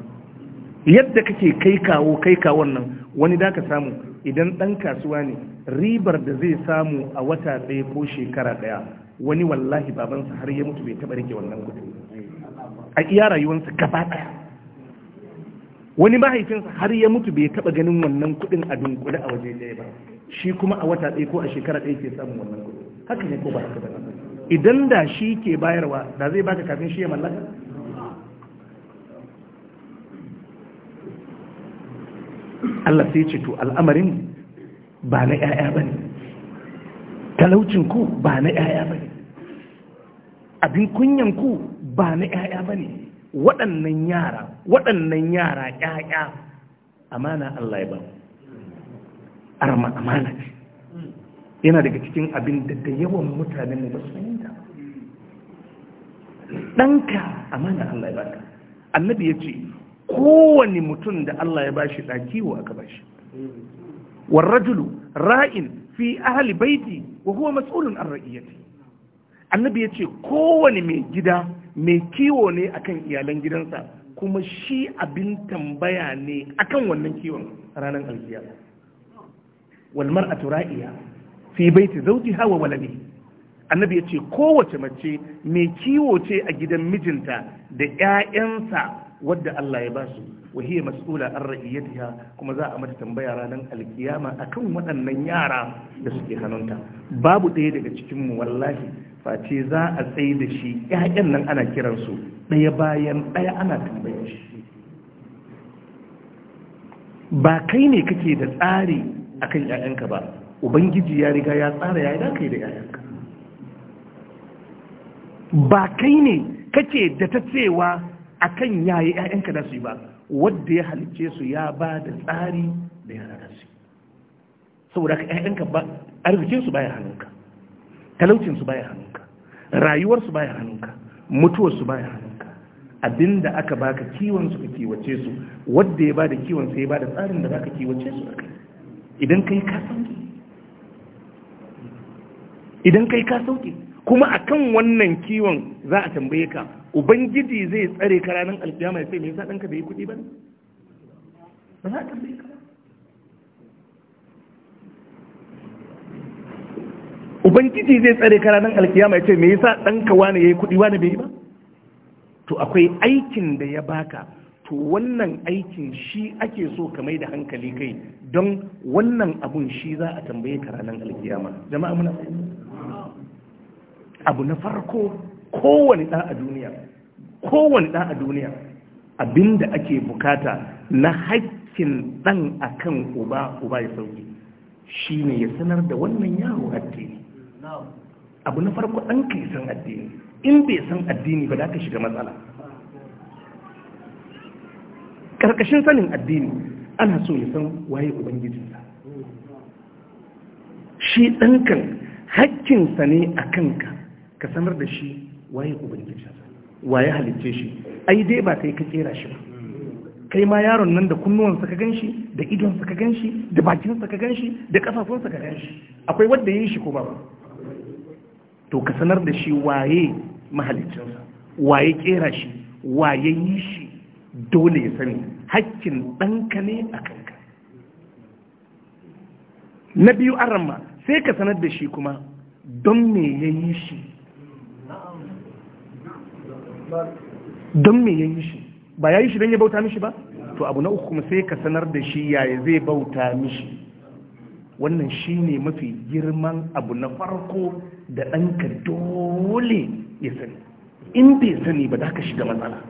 yadda kake kai kawo kai kawon nan wani da ka samu idan ɗan kasuwa ne ribar da zai samu a wata ɗaya ko shekara ɗaya wani wallahi babansa har ya mutu bai taɓa rike wannan kuɗi. a iya rayuwarsa gaba ɗaya wani mahaifinsa har ya mutu bai taɓa ganin wannan kuɗin a dunkule a waje ɗaya ba shi kuma a wata ɗaya ko a shekara ɗaya ke samun wannan kuɗi haka ne ko ba haka ba idan da shi ke bayarwa da zai baka kafin shi ya mallaka Allah sai ce to al'amarin ba na ƴaƴa ba ne talaucin ku ba na ƴaƴa ba ne abin kunyan ku ba na ‘ya'ya ba ne waɗannan yara waɗannan yara ‘ya'ya amana Allah ya ba arma amana ce yana daga cikin abin da da yawan mutane mu ba su fahimta ɗanka amana Allah ya ba ka annabi ya ce kowane mutum da Allah ya ba shi ɗakiwo aka ba shi warrajulu ra'in fi ahli baiti wa huwa mas'ulun ar ra'iyati annabi ya ce kowane mai gida mai kiwo ne akan iyalan gidansa kuma shi abin tambaya ne akan wannan kiwon ranar alkiya walmar a tura'iya fi ta zauji hawa walade annabi ya ce kowace mace mai kiwo ce a gidan mijinta da 'ya'yansa wadda Allah ya basu wa hiya mas'ula an ra'iyatiha kuma za a mata tambaya ranar alkiyama akan waɗannan yara da suke hannunta babu ɗaya daga cikin mu wallahi face za a tsaye da shi ƴaƴan nan ana kiransu, ɗaya bayan ɗaya ana tambayar shi ba kai ne kake da tsari akan ƴaƴanka ba ubangiji ya riga ya tsara ya yi kai da ƴaƴanka ba kai ne kake da ta cewa akan yayi ƴaƴanka da su yi ba wanda ya halice su ya ba da tsari da yara da su saboda ka ƴaƴanka ba arzikin su baya hannunka talaucin su baya hannunka rayuwar su baya hannunka mutuwar su baya hannunka abinda aka baka kiwon su ka kiwace su wanda ya bada kiwon sai ya bada tsarin da zaka kiwace su akai idan kai ka sauke idan kai ka sauke kuma akan wannan kiwon za a tambaye ka ubangiji zai tsare ka ranar alkiyama sai me yasa danka bai kuɗi ba ne ba za a tambaye ka ubangiji zai tsare ka ranar alƙiyama ya ce me yasa ɗanka wani ya yi kuɗi wani bai yi ba to akwai aikin da ya baka to wannan aikin shi ake so ka mai da hankali kai don wannan abun shi za a tambaye ka ranar alƙiyama jama'a muna abu na farko kowane ɗan a duniya kowane ɗan a duniya abinda ake bukata na haƙƙin ɗan kan uba uba ya sauki ne ya sanar da wannan yaro addini abu na farko ka yi san addini in bai san addini ba za ka shiga matsala ƙarƙashin sanin addini ana so ya san waye ubangijinsa shi ɗankan haƙƙinsa ne a kanka ka sanar da shi waye ubangijinsa waye halicce shi ai dai ba kai ka tsera shi ba kai ma yaron nan da kunnuwansa ka ganshi da idonsa ka ganshi da bakinsa ka ganshi da kafafunsa ka ganshi akwai wanda yayi shi ko ba to ka sanar da shi waye mahaliccinsa waye kera shi waye yi shi dole ya sani hakkin ɗanka ne a kanka na biyu aramma sai ka sanar da shi kuma don me ya yi shi don me ya yi shi ba ya yi shi don ya bauta mishi ba to abu na uku sai ka sanar da shi yaya zai bauta mishi wannan shi ne mafi girman abu na farko da ɗanka dole ya sani in bai sani ba za ka shiga matsala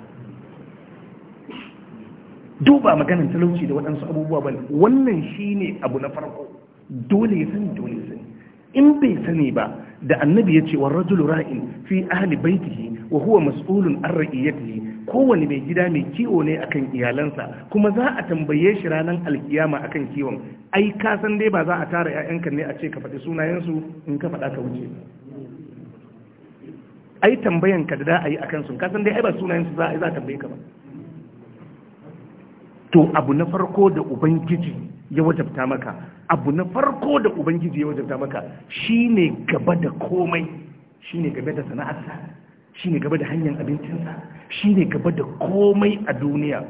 duba maganin talauci da waɗansu abubuwa ba wannan shi ne abu na farko dole ya sani dole ya sani in bai sani ba da annabi ya ce wa rajulu ra'in fi ahli baitihi wa huwa mas'ulun an ra'iyatihi kowane mai gida mai kiwo ne akan iyalansa kuma za a tambaye shi ranar alkiyama akan kiwon ai ka san dai ba za a tara ƴaƴanka ne a ce ka faɗi sunayensu in ka faɗa ka wuce ai tambayan ka da za a yi akan su ka san dai ai ba sunayensu za a yi za a tambaye ka ba to abu na farko da ubangiji ya wajabta maka abu na farko da ubangiji ya wajabta maka shine gaba da komai shine gaba da sana'arsa shine gaba da hanyar abincinsa shine gaba da komai a duniya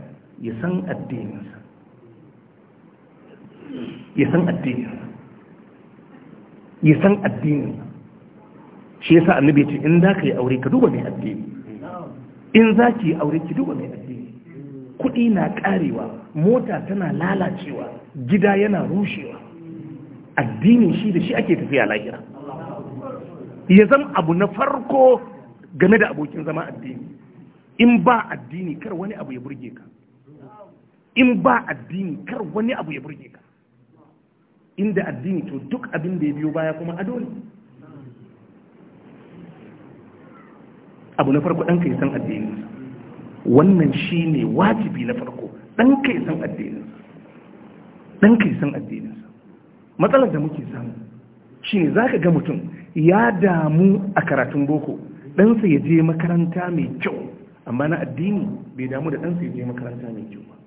ya san addininsa ya san addininsa ya san addininsa shi yasa annabi ce in za ka yi aure ka duba mai addini in za ki yi aure ki duba mai addini kuɗi na ƙarewa mota tana lalacewa gida yana rushewa addinin shi da shi ake tafiya lahira ya zama abu na farko game da abokin zama addini in ba addini kar wani abu ya burge ka in ba addini kar wani abu ya burge ka inda addini to duk abin da ya biyo baya kuma ado ne abu na farko ɗanka ya san addininsa wannan shi ne wajibi na farko ɗanka ya san addininsa ɗan kai san addininsa matsalar da muke samu shi ne za ka ga mutum ya damu a karatun boko ɗansa ya je makaranta mai kyau amma na addini bai damu da ɗansa ya je makaranta mai kyau ba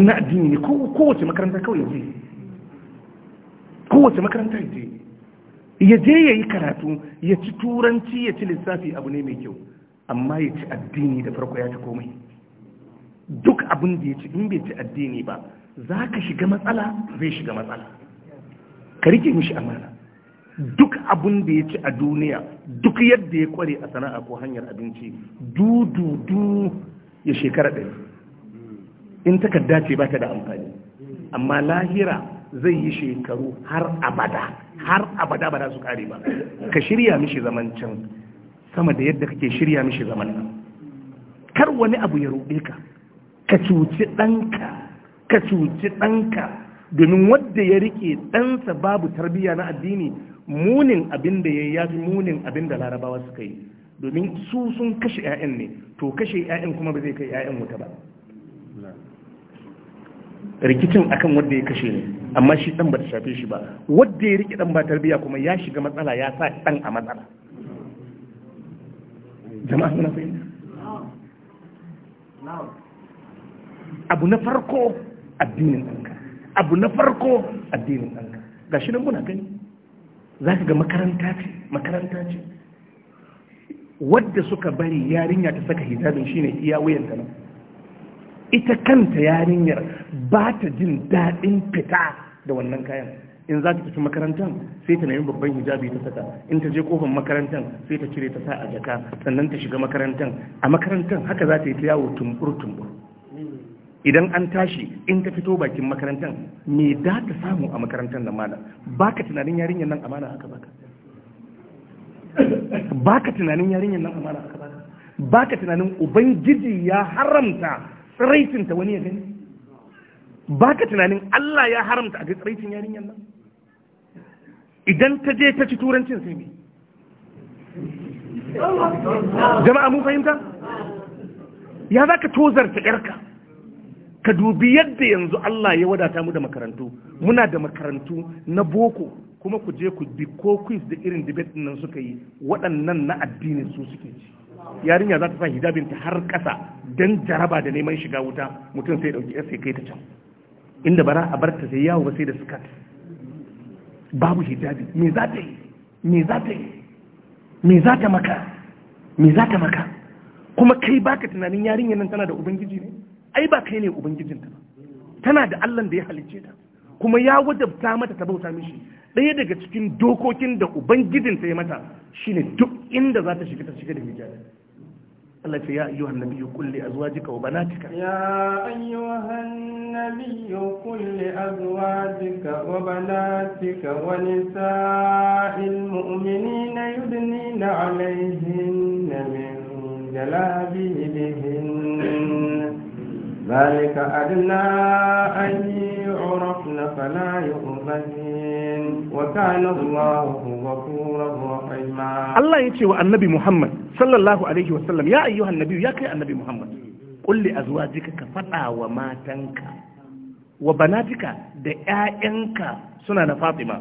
na addini ne kowace makaranta kawai ya je kowace makaranta ya je ya je ya yi karatu ya ci turanci ya ci lissafi abu ne mai kyau amma ya ci addini da farko ya ci komai duk abin da ya ci in bai ci addini ba za ka shiga matsala zai shiga matsala ka rike mishi amana duk abin da ya ci a duniya duk yadda ya kware a sana'a ko hanyar abinci dududu ya shekara ɗari in takarda ce ba ta da amfani amma lahira zai yi shekaru har abada har abada ba za su kare ba ka shirya mishi zaman can sama da yadda kake shirya mishi zaman nan kar wani abu ya ruɗe ka ka cuci ɗanka ka cuci ɗanka domin wadda ya rike ɗansa babu tarbiyya na addini munin abin da ya yi munin abin da larabawa suka yi domin su sun kashe 'ya'yan ne to kashe 'ya'yan kuma ba zai kai 'ya'yan wuta ba rikicin akan wadda ya kashe ne amma shi ɗan ba ta shafe shi ba wadda ya rike ɗan ba tarbiyya kuma ya shiga matsala ya sa ɗan a matsala abu na farko addinin ɗanka abu na farko addinin ɗanka ga shi nan muna gani za ka ga makaranta ce makaranta ce wadda suka bari yarinya ta saka hijabin shine iya wuyanta nan ita kanta yarinyar ba ta jin daɗin fita da wannan kayan in za ta tafi makarantar sai ta nemi babban hijabi ta saka in ta je kofar makarantar sai ta cire ta sa a jaka sannan ta shiga makarantar a makarantar haka za ta yi ta yawo tumbur tumbur idan an tashi in ta fito bakin makarantar me da ta samu a makarantar da Ba baka tunanin yarinyar nan amana aka baka baka tunanin yarinyar nan amana aka baka baka tunanin ubangiji ya haramta tsiraitinta wani ya gani baka tunanin Allah ya haramta a ga tsiraitin yarinyar nan idan ta je ta ci turancin sai me jama'a mun fahimta ya za ka tozarta yarka ka dubi yadda yanzu Allah ya wadata mu da makarantu muna da makarantu na boko kuma ku je ku bi ko quiz da irin debate nan suka yi waɗannan na addinin su suke ci yarinya za ta sa hijabin ta har ƙasa dan jaraba da neman shiga wuta mutum sai dauki sai kai ta can inda bara a bar ta sai yawo ba sai da skirt babu hijabi me za ta yi me za ta yi me za ta maka me za ta maka kuma kai baka tunanin yarinyar nan tana da ubangiji ne ai ba kai ne ubangijinta ba tana da Allah da ya halicce ta kuma ya wajabta mata ta bauta mishi ɗaya daga cikin dokokin da ubangijinta ya mata shine duk inda za ta shiga ta shiga da hijabi Allah ya ayyuhan nabiyyu qul li azwajika wa banatika ya ayyuhan annabi qul li azwajika wa banatika wa nisa'il mu'minina yudnina 'alayhinna min jalabibihinna ذلك أدنى أن يعرفن فلا يؤذين وكان الله غفورا رحيما الله يتي النبي محمد صلى الله عليه وسلم يا أيها النبي يا كي النبي محمد قل لأزواجك كفتا وما تنكا وبناتك دعائنك سنة فاطمة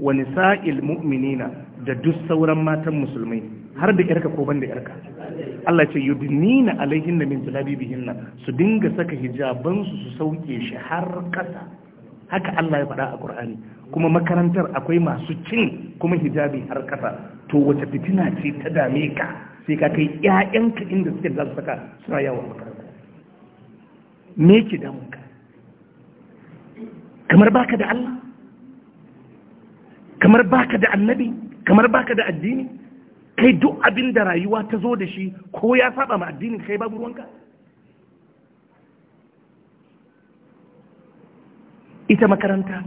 ونساء المؤمنين da duk sauran matan musulmai har da yarka ko ban da yarka Allah ce na alaihin min jalabibihin su dinga saka hijaban su sauke shi har kasa haka Allah ya faɗa a ƙur'ani kuma makarantar akwai masu cin kuma hijabi har kasa to wace fitina ce ta dame ka sai ka kai ƴaƴanka inda suke za su saka suna yawo makaranta me ki damu ka kamar baka da Allah kamar baka da annabi kamar baka da addini kai duk abin da rayuwa ta zo da shi ko ya saba ma addinin kai babu ruwanka ita makaranta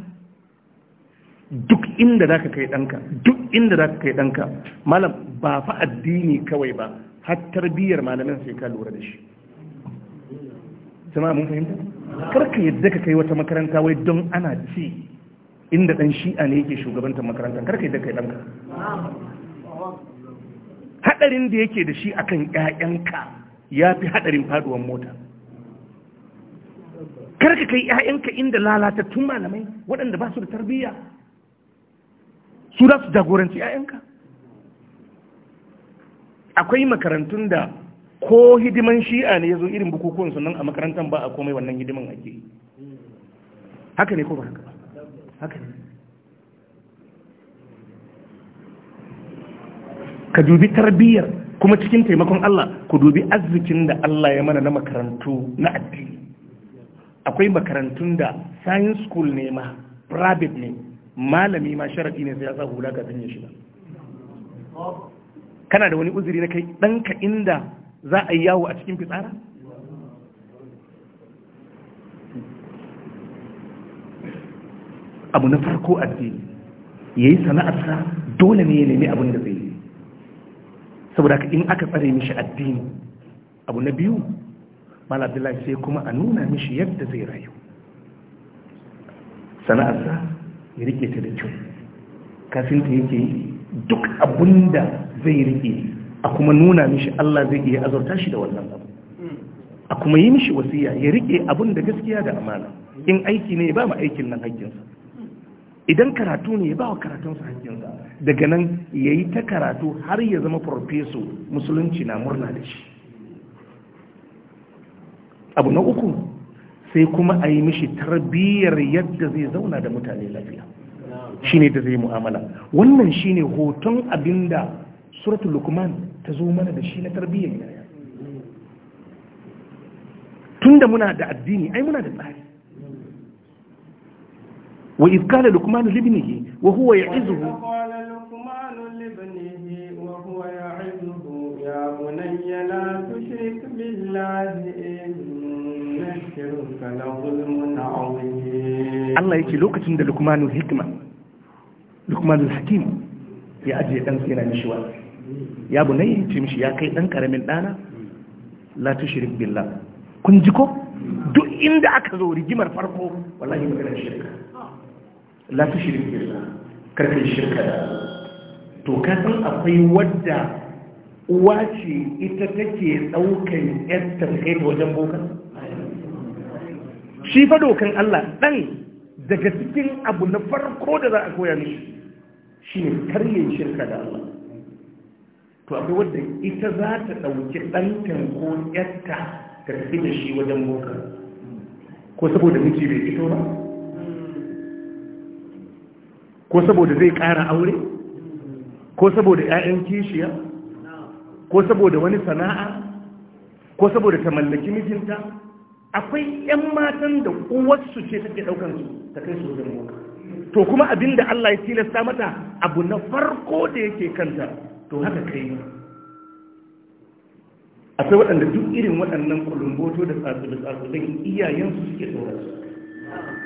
duk inda za ka kai ɗanka duk inda za ka kai ɗanka malam ba fa addini kawai ba har tarbiyyar malamin sai ka lura da shi sama mun fahimta karka yadda ka kai wata makaranta wai don ana ci inda ɗan shi'a ne yake shugabantar makaranta karka yadda kai ɗanka hadarin da yake da shi akan ƴaƴanka ya fi hadarin faduwar mota karka kai ƴaƴanka inda lalata tun malamai waɗanda ba su da tarbiyya su za su jagoranci ƴaƴanka akwai makarantun da ko hidiman shi'a ne ya zo irin bukukuwan sannan a makarantar ba a komai wannan hidiman ake yi haka ne ko ba haka haka ne ka dubi tarbiyyar kuma cikin taimakon Allah ku dubi arzikin da Allah ya mana na makarantu na addini akwai makarantun da science school ne ma private ne malami ma sharadi ne sai ya sa hula ka ya shiga kana da wani uzuri na kai ɗanka inda za a yi yawo a cikin fitsara abu na farko addini ya yi sana'arsa dole ne ya nemi abin da saboda in aka tsare mishi addini abu na biyu mala abdullahi sai kuma a nuna mishi yadda zai rayu sana'arsa ya rike ta da kyau kafinta yake duk abinda zai rike a kuma nuna mishi Allah zai iya azurta shi da wannan abu a kuma yi mishi wasiya ya rike abun da gaskiya da amana in aiki ne ba mu aikin nan haƙƙinsa idan karatu ne ya ba wa karatunsa hankinsa daga nan ya yi ta karatu har ya zama farfeso musulunci na murna da shi abu na uku sai kuma a yi mishi tarbiyyar yadda zai zauna da mutane lafiya shi ne da zai mu'amala wannan shi ne hoton abin da suratun lukman ta zo mana da shi na tarbiyyar yaya tun da muna da addini ai muna da tsari wa iz qala luqman li ibnihi wa huwa ya'izuhu Allah yake lokacin da lukmanul hikima lukmanul hakim ya ajiye ɗansa yana mishi wa ya bu nai ce ya kai ɗan ƙaramin ɗana la tushrik billah kun ji ko duk inda aka zo rigimar farko wallahi maganar shirka la ta shirin kar karkar shirka da to kasan akwai wadda uwa ce ita take daukan yarta ta kai wajen bokan shi fa dokan Allah dan daga cikin abu na farko da za a koya mishi ne karye shirka da Allah to akwai wadda ita za ta dauki dantan ko yarta ta tafi da shi wajen boka ko saboda miji bai fito ba ko saboda zai ƙara aure ko saboda 'ya'yan kishiya ko saboda wani sana'a ko saboda ta mallaki mijinta akwai 'yan matan da uwarsu ce take ɗaukar su ta kai su wajen boka to kuma abin da Allah ya tilasta mata abu na farko da yake kanta to haka kai akwai waɗanda duk irin waɗannan kulumboto da tsatsu da tsatsu iyayensu suke tsoron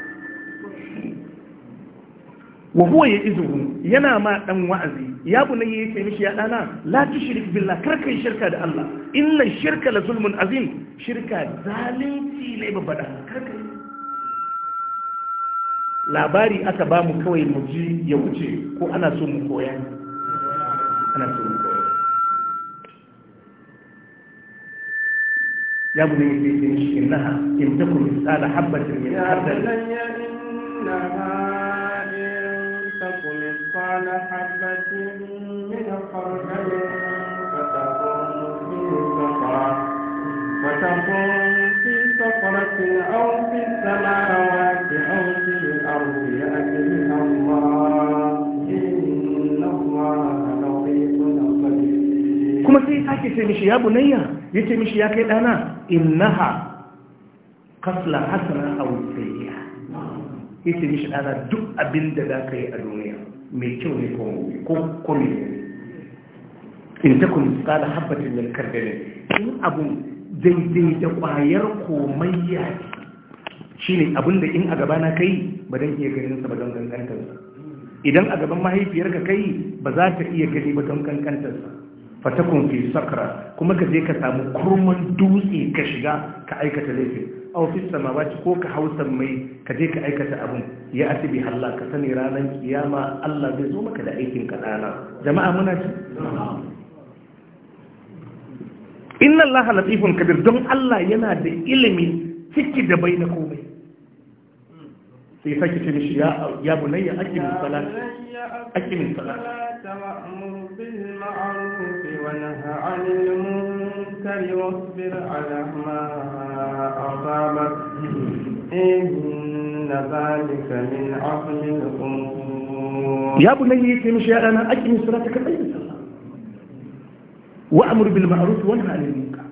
wa huwa ya izuhu yana ma dan wa'azi ya bu nayi yace mishi ya dana la tushrik billah kar kai shirka da Allah inna shirka la zulmun azim shirka zalunci ne babba da kar kai labari aka ba mu kawai mu ji ya wuce ko ana so mu koya ana so mu koya ya bu nayi yace mishi innaha in takum misala habatin min hardal مثقال حبة من خردل فتكون في صخرة فتكون في صخرة أو في السماوات أو في الأرض يأتي الله إن الله لطيف خبير kuma sai sake ce mishi ya bunayya ya ce mishi ya kai ɗana innaha kasla hasana a wutsayya ya ce mishi ɗana duk abin da za ka yi a duniya mai kyau ne ko mai ko kome in ta kun tsada habbatin da in abu daidai da kwayar ce shi ne abinda in a gaba na kai ba don iya ganin sa ba don kankantarsa idan a gaban mahaifiyarka kai ba za ta iya gani ba don kankantarsa fatakun fi sakara, kuma ka je ka samu kurman dutse ka shiga ka aikata laifin aw fi samawati ko ka hausa mai ka je ka aikata abun ya asibi Allah ka sani ranar kiyama Allah zai zo maka da aikin ka jama'a muna ci inna Allah latifun kabir don Allah yana da ilimi ciki da bai na komai sai sake ce shi, ya bunayya akimin salat akimin salat ta'muru bil ma'ruf wa nahy 'anil munkar ليصبر على ما أصابك إن ذلك من عظم الأمور يا بني في أنا أجل صلاتك أي وأمر بالمعروف وانهى عن المنكر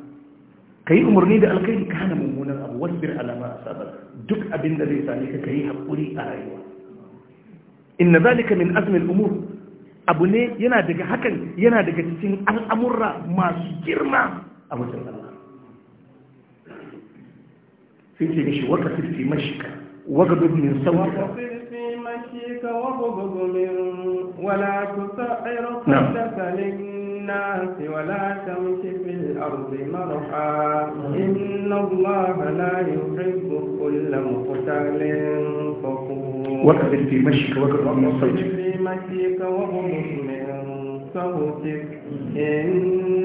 كي أمرني ده الخير كان ممونا واصبر على ما أصابك دك أبن الذي ذلك كي حقولي أيوة إن ذلك من أزم الأمور أبو ne yana daga hakan تسين daga cikin al'amurra abu da Allah sun ce mishi waka fifi mashika waka gudunin sawa waka fifi mashika waka gudunin wala su sa'ir kwanta nasi wala ta mishi fil arzi maraha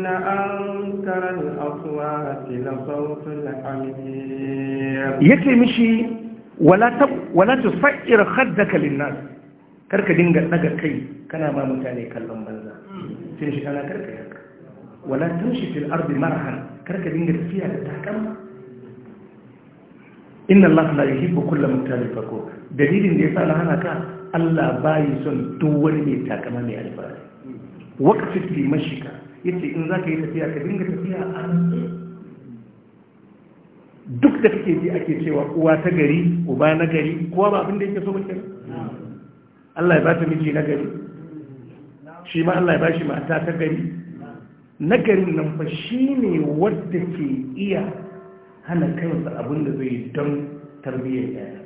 إن أنكر الأصوات لصوت الحمير يكي مشي ولا تب ولا تصعر خدك للناس كرك دينغا دغا كي كانا ما متاني كلام بنزا تمشي كانا كرك ولا تمشي في الأرض مرحا كرك دينغا فيها تتحكم inna الله لا يحب كل mutali فكو دليل da yasa na hana ka Allah bayi son duk wani mai takama mai yace in za ka yi tafiya ka dinga tafiya a duk da kake ji ake cewa uwa ta gari uba na gari kowa ba abin da yake so mutum Allah ya ba ta miji na gari shi ma Allah ya ba shi mata ta gari na garin nan fa shi ne wadda ke iya hana kansa abin da zai don tarbiyyar yaya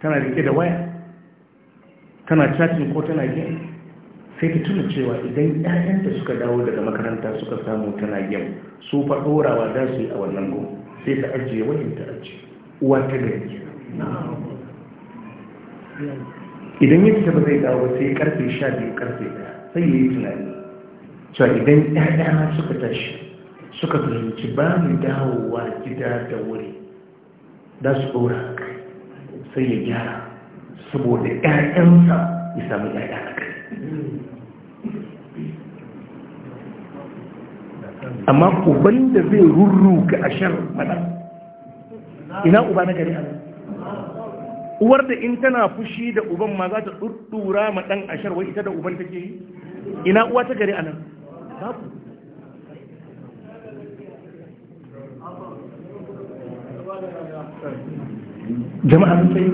tana rike da waya tana chatting ko tana gina sai ta tuna cewa idan 'ya'yanta suka dawo daga makaranta suka samu tana yau su fa ɗorawa za su yi a wannan gun sai ta ajiye wajen ta ajiye uwa ta gari idan ya ta ba zai dawo sai karfe sha biyu karfe ɗaya sai ya yi tunani cewa idan 'ya'yana suka tashi suka fahimci ba mu dawowa gida da wuri za su ɗora sai ya gyara saboda 'ya'yansa ya samu ƴaƴa a kai amma uban da zai rurru ga ashar mana ina uba na gari uwar da in tana fushi da uban ma za ta ɗuɗɗura ma ɗan ashar wai ita da uban take yi ina uwa ta gari a nan jama'a sai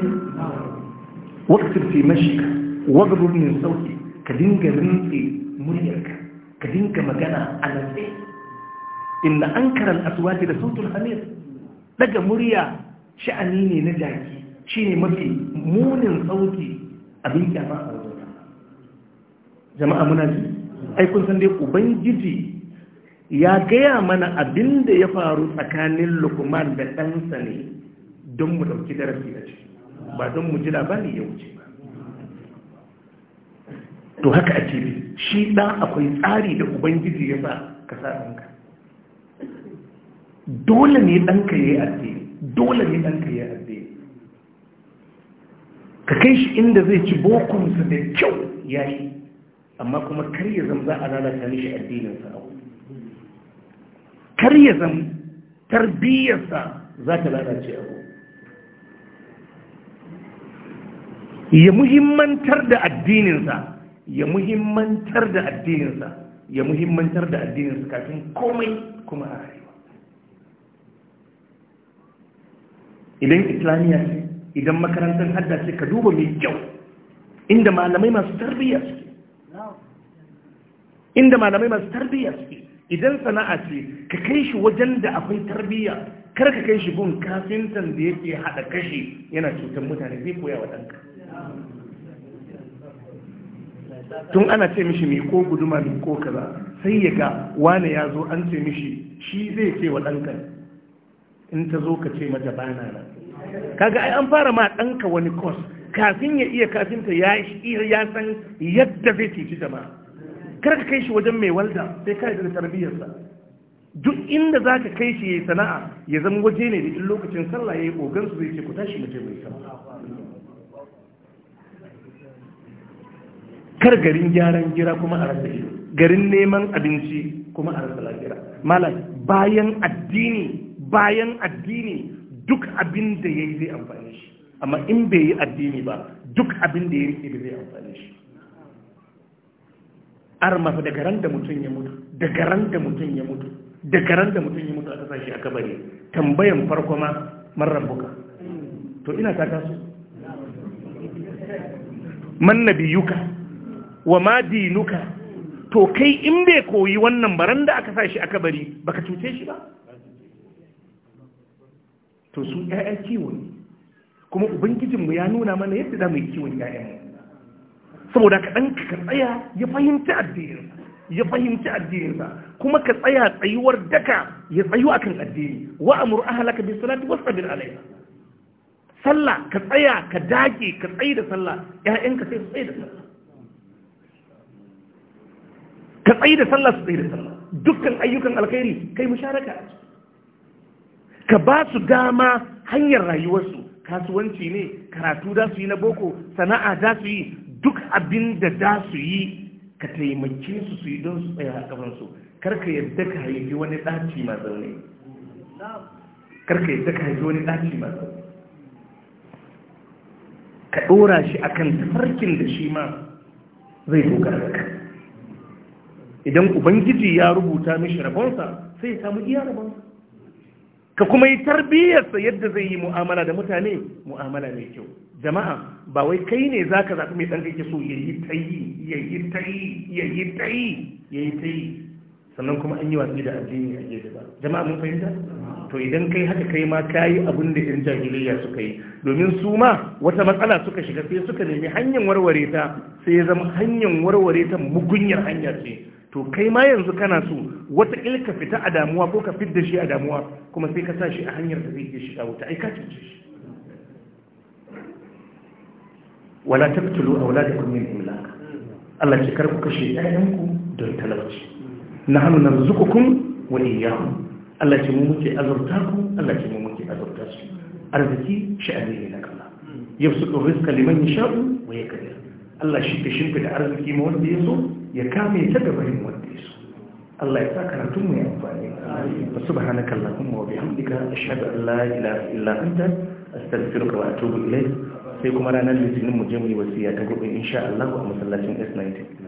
waktar fi mashika wagabar min sauki ka dinga rintse muryarka ka dinga magana a nan inna ankaran aswati da sautul hamir daga murya sha'ani ne na jaki shine mafi munin sauti abin kyama a wajen jama'a muna ji ai kun san dai ubangiji ya gaya mana abin da ya faru tsakanin lukman da ɗansa ne don mu ɗauki darasi da ce ba don mu ji labari ya wuce to haka a ce shi ɗan akwai tsari da ubangiji ya sa ka sa ɗanka dole ne ɗanka ya yi addini dole ne ɗanka ya yi addini ka kai shi inda zai ci bokonsa da kyau ya yi amma kuma kar ya zama za a lalata mishi addininsa a wani kar ya zama tarbiyyarsa za ta lalace a wani ya muhimmantar da addininsa ya muhimmantar da addininsa ya muhimmantar da addininsa kafin komai kuma a idan islamiyya ce idan makarantar hadda ce ka duba mai kyau inda malamai masu tarbiyya suke inda malamai masu tarbiyya suke idan sana'a ce ka kai shi wajen da akwai tarbiyya kar ka kai shi gun kafintan da yake hada kashi yana cutar mutane zai koya wa ɗanka tun ana ce mishi mai ko guduma mai ko kaza sai ya ga wane ya zo an ce mishi shi zai ce wa ɗanka in ta zo ka ce mata bana na kaga ai an fara ma ɗanka wani kos kafin ya iya kafinta ya ya san yadda zai ci jama'a kar ka kai shi wajen mai walda sai ka yi tarbiyyarsa duk inda za ka kai shi ya sana'a ya zama waje ne da in lokacin sallah ya yi ogansu zai ce ku tashi mace mai sana'a kar garin gyaran gira kuma a rasa garin neman abinci kuma a rasa lafiya malam bayan addini bayan addini duk abin da ya yi zai amfani shi amma in bai yi addini ba duk abin da ya yi zai amfani shi armafa da garan da mutum ya mutu da garan da mutum ya mutu da garan da mutum ya mutu a kasashe a kabari tambayan farko ma marar buka to ina ta taso man nabiyuka wa ma dinuka to kai in bai koyi wannan baran da aka sa shi a kabari baka cuce shi ba to su ƴaƴan kiwo ne kuma ubangijinmu ya nuna mana yadda za mu yi kiwon ƴaƴan saboda ka ɗan ka tsaya ya fahimci addininsa ya fahimci addininsa kuma ka tsaya tsayuwar daka ya tsayu akan addini wa amur ahlaka bis salati wasbir alaiha sallah ka tsaya ka dage ka tsayi da sallah ka sai su tsayi da sallah ka tsayi da sallah su tsayi da sallah dukkan ayyukan alkhairi kai musharaka a ciki ka ba su dama hanyar rayuwarsu kasuwanci ne karatu da su yi na boko sana'a da su yi duk abin da da su yi ka taimake su su yi don su tsaya a kafansu karka yadda ka haifi wani ɗaci ma zaune karka yadda ka haifi wani ɗaci ma zaune ka ɗora shi a kan tafarkin da shi ma zai dogara da kai idan ubangiji ya rubuta mishi rabonsa sai ya samu iya rabonsa ka kuma yi tarbiyyarsa yadda zai yi mu'amala da mutane mu'amala mai kyau jama'a ba wai kai ne za ka zaɓi mai ɗan kake so yi ta yi ya yi ta yi ya yi ta yi ya yi ta yi sannan kuma an yi watsi da addini a gefe ba jama'a mun fahimta to idan kai haka kai ma ka yi abin da yan jahiliya suka yi domin su ma wata matsala suka shiga sai suka nemi hanyar warware ta sai ya zama hanyar warware ta mugunyar hanya ce to kai ma yanzu kana so wata ilka fita a damuwa ko ka da shi a damuwa kuma sai ka sa shi a hanyar da zai iya shiga wuta ai ka cuce shi wala taqtulu awladakum min imlaq Allah ce kar ku kashe ƴaƴanku don talauci nahnu narzuqukum wa iyyahum Allah ce mu muke azurta ku Allah ce mu muke azurta su arziki sha'ani ne na Allah yabsutu rizqa liman yasha'u wa yaqdir Allah shi ke shimfida arziki ma wanda ya so ya kame ta da barin wanda ya Allah ya sa karatun mu ya amfani wa subhanaka allahumma wa bihamdika ashhadu an la ilaha illa anta astaghfiruka wa atubu ilayk sai kuma ranar litinin mu je mu yi wasiya ta gobe insha Allah a masallacin S90